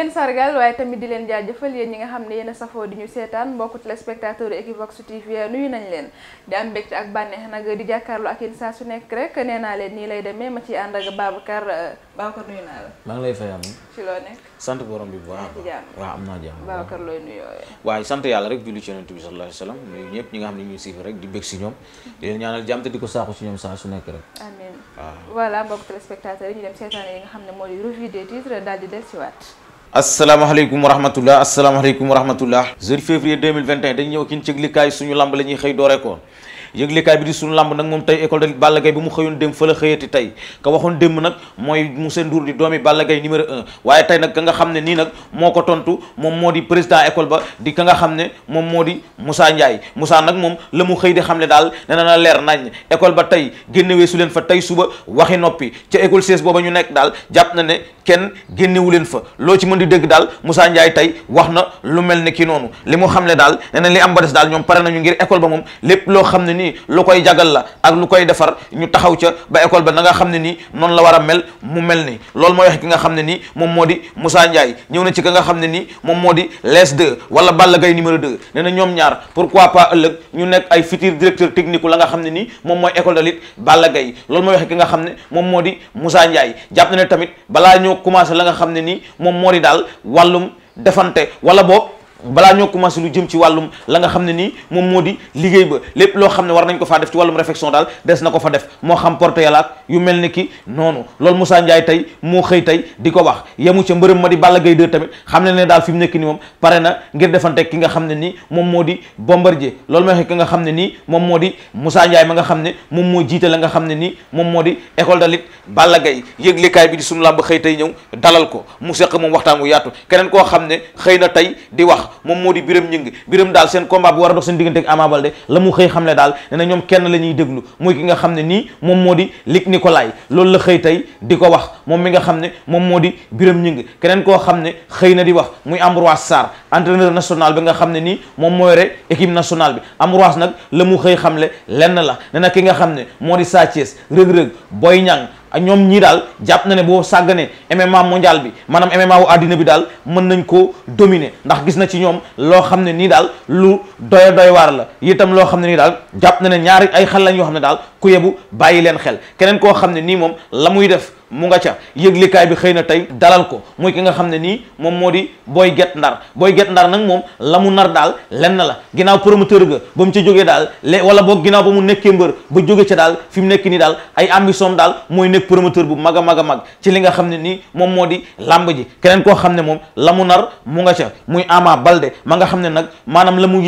leen sargal waaye tamit di leen jaajëfal yéen ñi nga xam ne yéen a safoo di ñu seetaan mbokku téléspectateur Equivox TV nuyu nañ leen di am mbégte ak bànneex nag di jàkkaarlu ak yéen saa su nekk rek nee leen nii lay demee ma ciy ànd ak Babacar euh, Babacar nuyu naa la. maa ngi lay fay am. ci loo nekk. sant borom bi looy nuyoo. waaye sant yàlla rek bi sallallahu alayhi wasallam nuyu ñëpp ñi nga xam ne di bég si ñoom di leen ñaanal jàmm su nekk rek. amiin voilà mbokku téléspectateur yi ñu dem seetaan yi nga xam ne moo di revue des titres daal di dellusiwaat asalaamaaleykum wa rahmatullah asalaamaaleykum wa rahmatullah jeudi février 2021 dañu ñëw kin ci yëglikaay suñu lamb la ñuy xëy dooree ko yëglikaay bi di suñu làmb nag moom tey école de Balla Gaye bi mu xëyoon démb fa la xëyati tey ka waxoon démb nag mooy Moussa Ndour di doomi Balla Gaye numéro waaye tey nag ka nga xam ne nii nag moo ko tontu moom moo di président école ba di ka nga xam ne moom moo di Moussa Ndiaye Moussa nag moom la mu xëy di xam ne daal nee na leer nañ école ba tey génnewee su leen fa tey suba waxi noppi ca école seize booba ñu nekk daal jàpp na ne kenn génnewu leen fa loo ci mën di dëgg daal Moussa Ndiaye tey wax na lu mel ne ki noonu li mu xam ne daal nee na li am ba des daal ñoom pare nañu ngir école ba moom nii lu koy jagal la ak lu koy defar ñu taxaw ca ba école ba na nga xam ne nii noonu la war a mel mu mel ni loolu mooy wax ki nga xam ne nii moom moo di Moussa Ndiaye ñëw na ci ka nga xam ne nii moom moo di les deux wala Balla Gaye numéro deux nee na ñoom ñaar pourquoi pas ëllëg ñu nekk ay futur directeur technique la nga xam ne nii moom mooy école de lutte Balla loolu mooy wax ki nga xam ne moom moo di Moussa Ndiaye jàpp na tamit balaa ñoo commencé la nga xam ne nii moom moo di daal wàllum defante wala boobu balaa ñoo commencé lu jëm ci wàllum la nga xam ne nii moom moo di liggéey ba lépp loo xam ne war nañ ko faa def ci wàllum réflexion daal des na ko fa def moo xam porte yàlla yu mel ni ki noonu lool Moussa Ndiaye tey moo xëy tey di ko wax yemu ca mbërëm ma di Balla Gaye 2 tamit xam ne ne daal fi mu nekk ni moom pare na ngir defante ki nga xam ne nii moom moo di Bombardier loolu mooy ki nga xam ne nii moom di Moussa Ndiaye ma nga xam ne moom moo jiite la nga xam ne nii moom moo di école de lutte Balla Gaye yëglekaay bi di sunu làmb xëy tey ñëw dalal ko mu seq moom waxtaan wu yaatu keneen koo xam ne xëy na tey di wax moom moo di Biram Ñing Biram daal seen combat bu war a dox seen diggante ak Ama Baldé la mu xëy xam ne daal ne ñoom kenn la ñuy déglu muy ki nga xam ne nii moom moo di Luc Nicolaï loolu la xëy tey di ko wax moom mi nga xam ne moom moo di Biram Ñing keneen koo xam ne xëy na di wax muy Ambroise Sarr entraîneur national bi nga xam ne nii moom moo yore équipe nationale bi Ambroise nag la mu xëy xamle lenn la ne ki nga xam ne moo di Sa Thiès Reug Reug Boy Niang ak ñoom ñii daal jàpp na ne boo sàgganee MMA mondial bi maanaam MMA wu àddina bi daal mën nañ koo dominer ndax gis na ci ñoom loo xam ne nii daal lu doy doy la itam loo xam ne nii daal jàpp na ne ñaari ay xal lañ yoo xam ne daal ku yebu bàyyi leen xel keneen koo xam ne nii moom la muy def mu nga ca yëglikaay bi xëy na tey dalal ko muy ki nga xam ne nii moom moo di Boy Guet Ndar Boy Guet Ndar nag moom la mu nar daal lenn la ginnaaw promoteur ga ba mu ca jógee daal le wala boog ginnaaw ba mu nekkee mbër ba jóge ca daal fi mu nekk nii daal ay ambition daal mooy nekk promoteur bu mag a mag a mag ci li nga xam ne nii moom moo di làmb ji keneen koo xam ne moom la mu nar mu nga ca muy Ama Balde ma nga xam ne nag maanaam la mu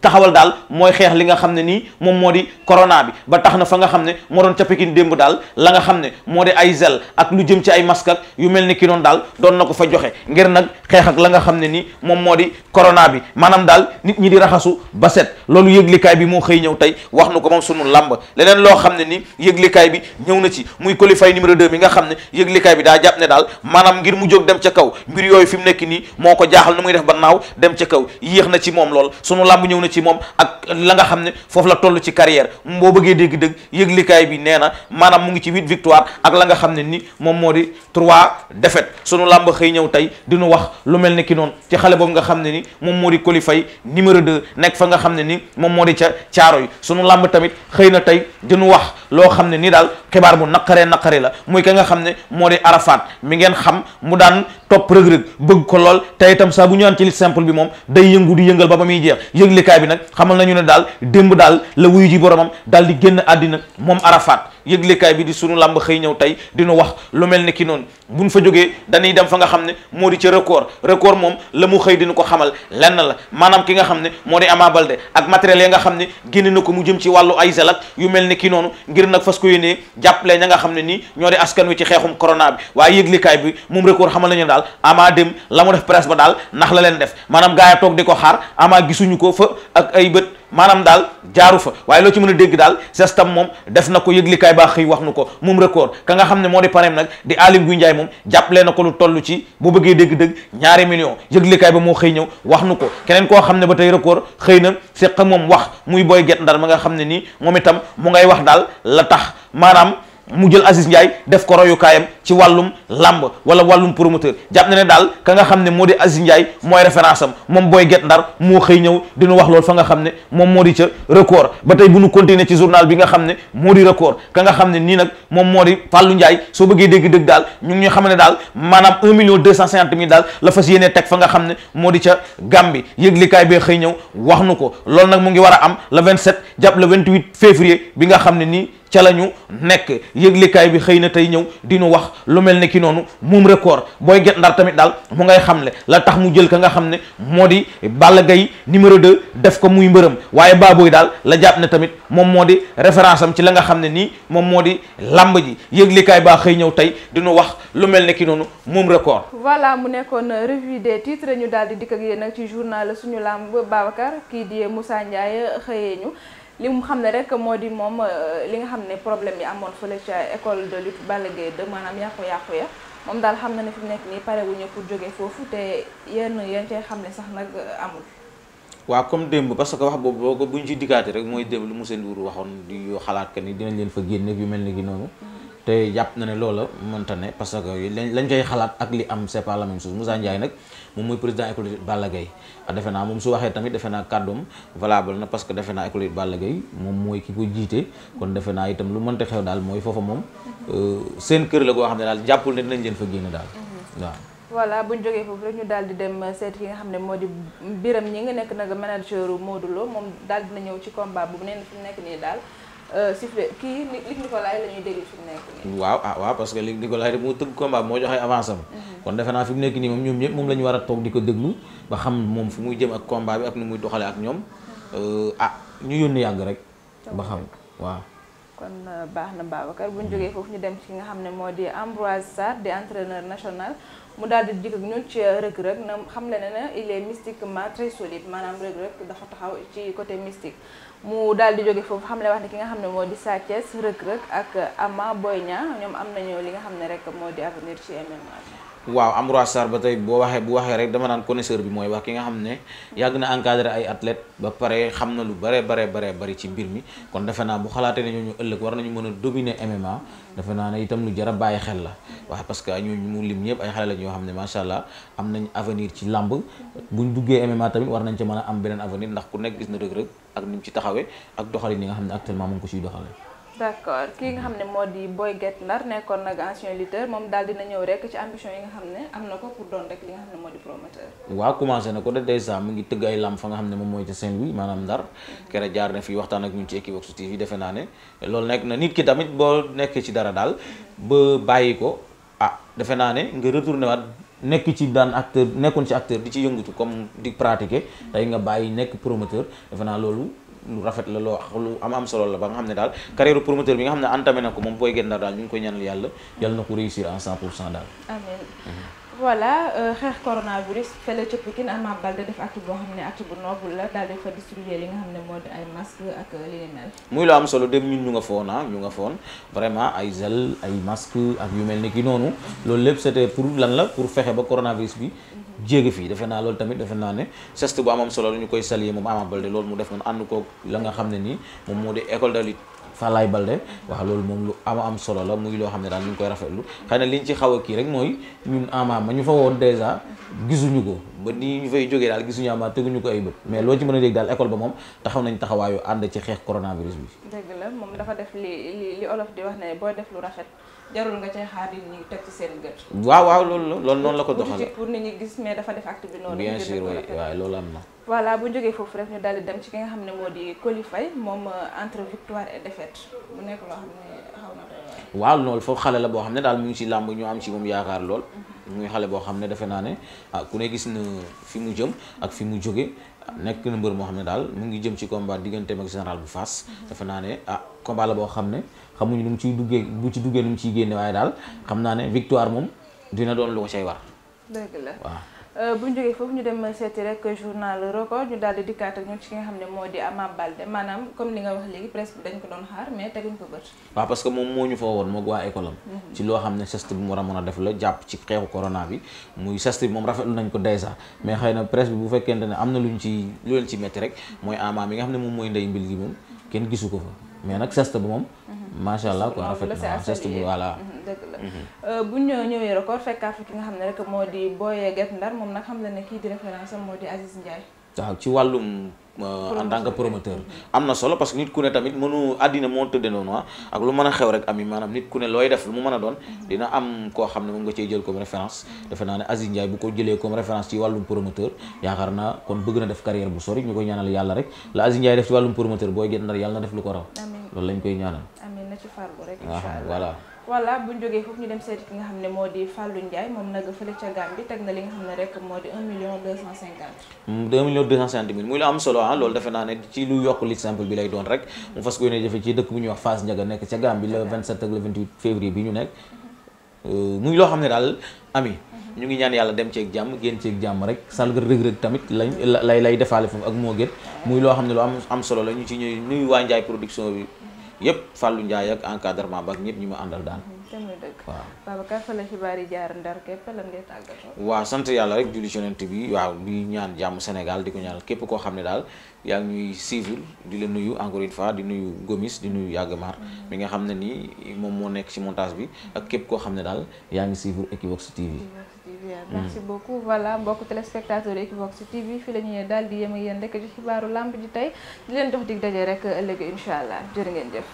taxawal daal mooy xeex li nga xam ne nii moom moo di corona bi ba tax na fa nga xam ne moo doon ca démb daal la nga xam ne moo di ay zel Sénégal ak lu jëm ci ay masque ak yu mel ni ki daal doon na ko fa joxe ngir nag xeex ak la nga xam ne ni moom moo di corona bi maanaam daal nit ñi di raxasu ba set loolu yëglikaay bi moo xëy ñëw tey wax nu ko moom sunu làmb leneen loo xam ne ni yëglikaay bi ñëw na ci muy qualifié numéro 2 bi nga xam ne yëglikaay bi daa jàpp ne daal maanaam ngir mu jóg dem ca kaw mbir yooyu fi mu nekk nii moo ko jaaxal nu muy def ba naaw dem ca kaw yéex na ci moom lool sunu làmb ñëw na ci moom ak la nga xam ne foofu la toll ci carrière boo bëggee dégg-dëgg yëglikaay bi nee na maanaam mu ngi ci huit victoire ak la nga xam ne ni moom moo di trois defet sunu làmb xëy ñëw tey dinu wax lu mel ni ki noonu ci xale boobu nga xam ne ni moom moo di qualifié numéro deux nekk fa nga xam ne ni moom moo di ca caaro yi sunu làmb tamit xëy na tey dinu wax loo xam ne ni daal xibaar bu naqaree naqare la muy ka nga xam ne moo di Arafat mi ngeen xam mu daan topp rëg-rëg bëgg ko lool te itam saa bu ñu ci li simple bi moom day yëngu di yëngal ba ba muy jeex yëglikaay bi nag xamal nañu ne daal démb daal la wuyu ji boromam daal di génn àddina moom Arafat yëglekaay bi di sunu làmb xëy ñëw tey dinu wax lu mel ni ki noonu buñ fa jógee danuy dem fa nga xam ne moo di ci record record moom la mu xëy dina ko xamal lenn la maanaam ki nga xam ne moo di Ama Baldé ak matériel ya nga xam ne génne na ko mu jëm ci wàllu ay gel yu mel ni ki noonu ngir nag fas ko yéenee jàppale ña nga xam ne nii ñoo di askan wi ci xeexum corona bi waaye yëglekaay bi moom record xamal nañu daal Ama dem la mu def presse ba daal nax la leen def maanaam gaa ya toog di ko xaar Ama gisuñu ko fa ak ay bët maanaam daal jaaru fa waaye loo ci mën a dégg daal gestam moom def na ko yëglikaay baa xëy wax nu ko moom record ka nga xam ne moo di pareem nag di Aly Ngouille Ndiaye moom jàppale na ko lu toll ci boo bëggee dégg-dégg ñaari million yëglikaay ba moo xëy ñëw wax nu ko keneen koo xam ne ba tey record xëy na seq moom wax muy booy get ndar ma nga xam ne nii moom itam mu ngay wax daal la tax maanaam mu jël Aziz Ndiaye def ko royukaayam ci wàllum lamb wala wàllum promoteur jàpp na ne daal ka nga xam ne moo di Aziz Ndiaye mooy référence am moom booy get ndar moo xëy ñëw dinu wax loolu fa nga xam ne moom moo di ca record ba tey bu nu continuer ci journal bi nga xam ne moo di record ka nga xam ne nii nag moom moo di Fallou Ndiaye soo bëggee dégg-dëgg daal ñu ngi ñu xam ne daal maanaam un million deux cent cinquante mille daal la fas yéenee teg fa nga xam ne moo di ca Gambie yëglikaay bee xëy ñëw wax nu ko loolu nag mu ngi war a am le vingt-sept jàpp le 28 février bi nga xam ne nii ca la ñu nekk yëglikaay bi xëy na tey ñëw di ñu wax lu mel ne ki noonu moom record booy get ndar tamit daal mu ngay xam ne la tax mu jël ka nga xam ne moo di Balla Gaye numéro de def ko muy mbërëm waaye baabooy daal la jàpp ne tamit moom moo di référence am ci la nga xam ne nii moom moo di làmb ji yëglikaay baa xëy ñëw tey di wax lu mel ne ki noonu moom record. voilà mu nekkoon revue des ñu daal di dikk ak yéen nag ci journal suñu làmb Babacar kii di Moussa Ndiaye xëyee ñu. li mu xam ne rek moo di moom euh, li nga xam ne problème yi amoon fële ca école de lutte Balla Gaye 2 maanaam yàqu-yàqu ya moom daal xam na ne fi mu nekk nii pare pour jóge foofu te yenn yenn cee xam ne sax nag euh, amul. waa comme démb parce que wax boobu boo ko bu ñu ci diggaate rek mooy démb lu seen Ndour waxoon di xalaat que ni dinañ leen fa génne yu mel ni gi noonu. Mm. te jàpp na ne loola mënta ne parce que lañ koy xalaat ak li am c'est pas la même chose Moussa nag moom mooy président école Balla Gaye ah, defe naa moom su waxee tamit defe naa kàddoom valable na parce que defe naa école Balla Gaye moom mooy ki ko jiite kon defe naa itam lu mënta xew daal mooy foofa moom euh, seen kër la goo xam ne daal jàppul ne dinañ leen fa génn daal mhm. waaw voilà bu ñu jógee foofu rek ñu daal di dem seet ki nga xam ne moo di Biram Euh, sifflet kii Luc Nicolaï la ñuy déglu fi mu nekk nii. waaw ah waaw parce que Luc ko rek moo tëgg combat moo joxe avance am. Mhm. kon defe naa fi mu nekk nii moom ñoom ñëpp moom la ñu war a toog di ko déglu ba xam moom fu muy jëm ak combat bi ak muy doxalee ak ñoom mhm. euh, ah ñu yónni yàgg rek ba xam waaw. kon euh, baax na Babacar bu ñu hmm. jógee foofu ñu dem ci nga xam ne moo di Ambroise Sarr di entraîneur national mu daal di jikk ak ñun ci euh, Reug Reug na xam le ne na il est mystiquement très solide maanaam Reug Reug dafa taxaw ci côté mystique mu daal di jóge foofu xam le wax ne ki nga xam ne moo di Sa Thiès Reug Reug ak euh, Ama Boy Niang ñoom am nañu li nga xam ne rek moo di avenir ci MMA waaw am Sarr ba tey boo waxee bu waxee rek dama naan connaisseur bi mooy wax ki nga xam ne yàgg na encadré ay athlète ba pare xam na lu bare bare bare bari ci mbir mi kon defe naa bu xalaatee ne ñooñu ëllëg war nañu mën a dominer MMA defe naa ne itam lu jar a bàyyi xel la waaw parce que ñu mu lim ñëpp ay xale la ñoo xam ne macha allah am nañ avenir ci làmb ñu duggee MMA tamit war nañ ca mën a am beneen avenir ndax ku nekk gis na rëg-rëg ak ci taxawee ak doxalin yi nga xam ne actuellement mu ngi d'accord kii nga xam ne moo di Boy Guet Ndar nekkoon nag ancien lutteur moom daal dina ñëw rek ci ambition yi nga xam ne am na ko pour doon rek li nga xam ne moo di promoteur. waaw commencé na ko de dèjà mu ngi tëgg ay lamb fa nga xam ne moom mooy ca Saint-Louis maanaam Ndar mhm. kere jaar na fi waxtaan ak ñun ci Equivox TV defe naa ne loolu nekk na nit ki tamit boo nekkee ci dara daal mhm. ba bàyyi ko ah defe naa ne nga retourné waat. nekk ci daan acteur nekkoon ci acteur di ci yëngatu comme di pratiquer mhm. tey nga bàyyi nekk promoteur defe naa loolu lu rafet la loo lu am la ba xam ne daal carrière promoteur bi nga xam ne entamé na ko moom booy génn daal ñu ngi koy ñaanal yàlla yàlla na ko réussir en 100 pour cent daal amiin voilà euh, xeex coronavirus fële ca Pikine Ama Baldé def acte boo xam ne acte bu noble la daal di fa distribuer li nga xam ne moo ay masque ak li mel muy lu am solo dem ñu nga foon ah, ñu nga foon vraiment ay gel ay masque ak yu mel ni ki noonu loolu lépp c'était pour lan la pour fexe ba coronavirus bi jéegi fii defe naa loolu tamit defe naa ne geste bu amam solo lu ñu koy saluer moom Ama Baldé loolu mu def noonu ànd ko la nga xam ne nii moom moo di école de lutte Falaye Balde waaw loolu moom lu ama am solo la muy loo xam ne daal ñu ngi koy rafetlu xëy na liñ ci xaw a kii rek mooy ñun ama ma ñu fa woon dèjà gisuñu ko ba nii ñu fay jógee daal gisuñu a dégg daal école la moom dafa def lu rafet. jarul nga cay xaar nit ñi teg ci seen gët. waaw waaw loolu loolu noonu la ko doxal pour nit ñi gis mais dafa def acte bi noonu. bien sûr waaw loolu am na. voilà bu ñu jógee foofu rek ñu daal di dem ci ki nga xam ne moo di Coly Faye moom euh, entre victoire et défaite. bett mu nekk waaw loolu foofu xale la boo xam ne daal mu ngi si làmb ñu am si moom yaakaar lool. Mhm. muy xale boo xam ne defe naa ne ah ku ne gis na fi mu jëm ak fi mu jóge nekk na mbër moo xam ne daal mu ngi jëm ci combat digganteem ak général bu fas mhm. defe naa ne ah combat la boo xam ne xamuñu nu mu ciy duggee bu ci duggee nu mu ciy génne waaye daal mhm. xam naa ne victoire moom dina doon lu ko cay war. dëgg Euh, bu ñu jógee foofu ñu dem seeti rek journal record ñu daal di dikkaat ci nga xam ne moo di Ama Baldé maanaam comme li nga wax léegi presse bi dañ ko doon xaar mais teguñ ko bët. waaw parce moom moo ñu fa woon moog waa école am. Mhm. ci loo xam ne geste bi mu war a mën a def la jàpp ci xeexu corona bi muy geste bi nañ ko déjà mais xëy na presque bu fekkente ne am na luñ ci lu leen ci métti rek mooy Ama mi nga xam ne moom mooy ndey mbil gi moom kenn gisu ko fa mais nag geste bi moom. Mhm. macha allah quoi rafet na geste bi voilà. Mhm, Mhm. Euh, bu ñu ñëwee record fekkaat fi ki nga xam ne rek moo di Boye Guet Ndar moom nag xam na ne kii di référence moo di Aziz Ndiaye. waaw ci wàllum. Euh, en tant que promoteur mhm. am na solo parce que nit ku ne tamit mënu moo ah. lu mën a xew rek am yi maanaam nit ku ne looy def lu mu mën a doon mhm. dina am koo xam ne moom nga cey jël comme référence defe naa ne Aziz Ndiaye bu ko jëlee comme référence ci wàllum promoteur yaakaar naa kon bëgg na def carrière bu sori ñu koy ñaanal yàlla rek la Aziz Ndiaye def ci wàllum promoteur booy gën def lu ko voilà bu jógee foofu ñu dem seeti ki nga xam ne moo di Fallou Ndiaye moom nag fële ca Gambie teg na li nga xam ne rek moo di 1 million 250 2 million muy lu am solo ah loolu defe ne ci lu yokk l'exemple bi lay doon rek mu fas ko yéene jëfe wax Fass nekk ca Gambie le 27 ak ñu mhm. euh, xam ne daal ami mhm. ñu ngi ñaan yàlla dem ceeg jàmm génn ceeg jàmm rek salgar rëg-rëg tamit lañ lay lay defaale foofu ak moo gën mhm. muy loo xam ne lu am am solo la ñu ci ñuy nuyu waa Ndiaye production bi yëpp Fallou Ndiaye ak encadrement ba ak ñëpp ñu ma àndal daan mm-hmm. waaw Babacar fa la xibaar yi jaar Ndar képp waaw sant yàlla rek julli bi waaw ñuy ñaan jàmm Sénégal di ko ñaanal képp koo xam ne daal yaa ngi ñuy suivre di la nuyu encore fa di nuyu Gomis di nuyu Yagmar mm-hmm. mi nga xam ne nii moom moo nekk ci montage bi ak képp koo xam ne daal yaa ngi suivre Equivox TV. bien mm. merci beaucoup voilà mbokk téléspectateur Equivox TV fi la ñuy daal di yem yéen rek ci xibaaru lamb ji tey di leen jox dig daje rek ëllëg incha allah jërë ngeen jëf